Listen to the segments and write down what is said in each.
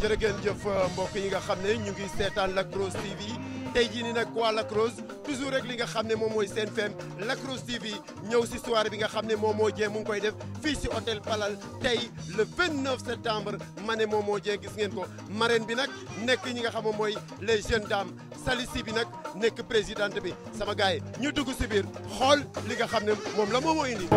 jërë jëf euh, mbokk yi nga xam ne ñu ngi seetaan Lac Rose TV tey jii nii nag waa Lac Rose toujours rek li nga xam ne moom mooy seen fem Lac Rose TV ñëw si soirée bi nga xam ne moom moo jee mu ngi koy def fii si hôtel Palal tey le 29 septembre ma ne moom moo jee gis ngeen ko marraine bi nag nekk ñi nga xam moom mooy les jeunes dames Sali si bi nag nekk présidente bi sama gars yi ñu dugg si biir xool li nga xam ne moom la moom moo indi.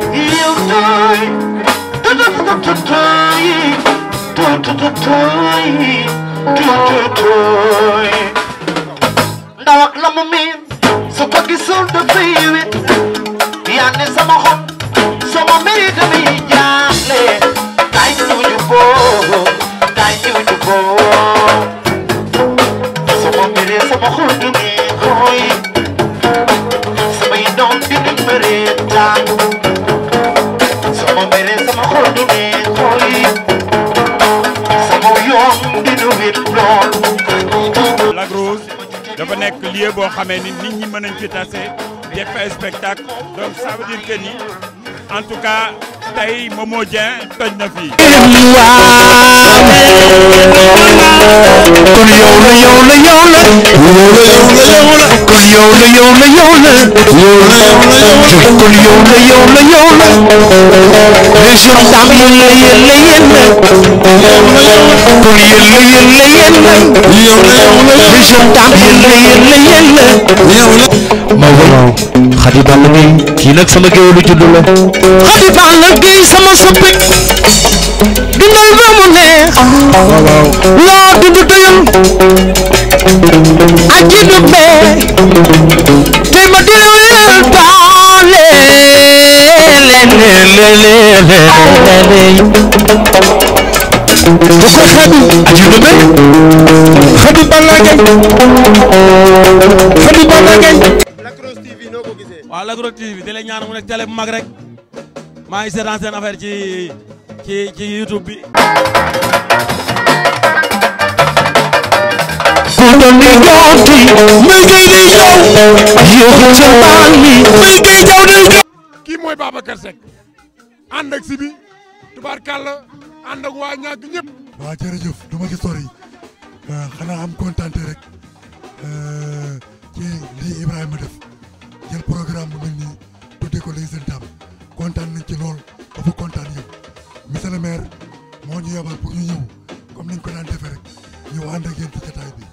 ndaw ak la mu miin su ko gisul dafay wit yaa ne sama xol sama mbiri damay jaaxle kaay ñu juboo kaay ñu juboo sama mbiri sama xol du nii koy samay doom di ni mbëreetaan lieu boo xamee ni nit ñi mën nañ fi tase def fa spectacle donc ça que ni en tout cas tey Momo Dieng toj na fii. kon yow la yow la yow yow la yow la yow la yow la kon yow la yow la yow la les jours dam yéen la yéen la yéen la kon yéen la yéen la yéen la yow la yow la les jours dam yéen la yéen la yéen la yow la ma waaw xadi balla gay kii nag sama géwélu juddu la xadi balla gay sama soppe dundal ba mu neex ah. waaw ajidu be tema dilawel baale bu ko xadu ajidu be xadu balla gay xadu balla gay Lac Rose TV noo ko gisee waaw Lac Rose TV di la ñaan mu nekk télé bu mag rek maa ngi seetaan seen affaire ci ci ci YouTube bi ku doon di jootu mbéy kay jaw yéexu kay jaw di jaw kii mooy Babacar Seck ànd ak si bi tubaarkàlla ànd ak waa ñàkk ñëpp waaw jërëjëf du ma ci sori euh, xanaa am kontaan rek euh, ci lii Ibrahima def jël programme bu mel nii tuddee ko lii seen kontaan ci lool dafa kontaan yëpp monsieur le moo ñu yebal pour ñu ñëw comme niñ ko naan defee rek ñëw ànd ak yéen ci jotaay bi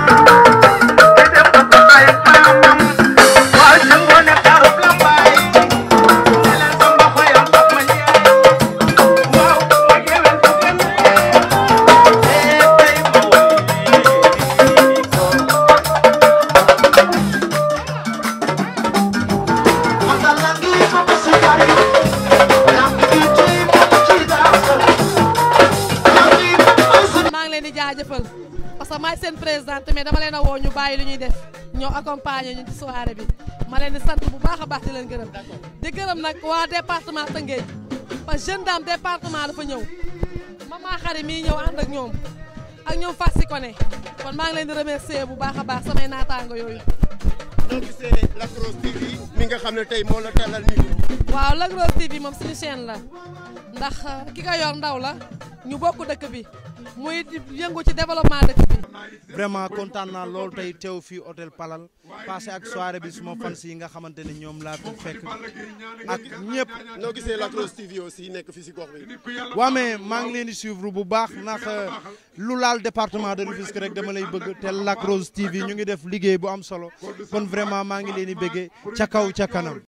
jaajëfal parce que maay seen présidente mais dama leen a woo ñu bàyyi lu ñuy def ñoo accompagner ñu ci soirée bi ma leen di sant bu baax a baax di leen gërëm di gërëm nag waa département Tëngéej parce que jeune dame département dafa ñëw maman xari mii ñëw ànd ak ñoom ak ñoom fas si kone kon maa ngi leen di remercier bu baax a baax samay naataango yooyu ñoo gisee Lac Rose TV mi nga xam ne tey moo la tàllal nii waaw la Rose TV moom suñu chaîne la ndax ki ko ndaw la ñu bokk dëkk bi muy yëngu ci développement dëkk vraiment kontaan naa loolu tey teew fii hôtel Palal passé ak soirée bi suma fans yi nga xamante ne ñoom laa fi fekk ak ñëpp. noo gisee Lac Rose TV aussi nekk fii si gox bi. waa mais maa ngi leen di suivre bu baax ndax euh, lu laal département de Rufisque rek dama lay bëgg te Lac Rose TV ñu ngi def liggéey bu am solo kon vraiment maa ngi leen di bëggee ca kaw ca kanam.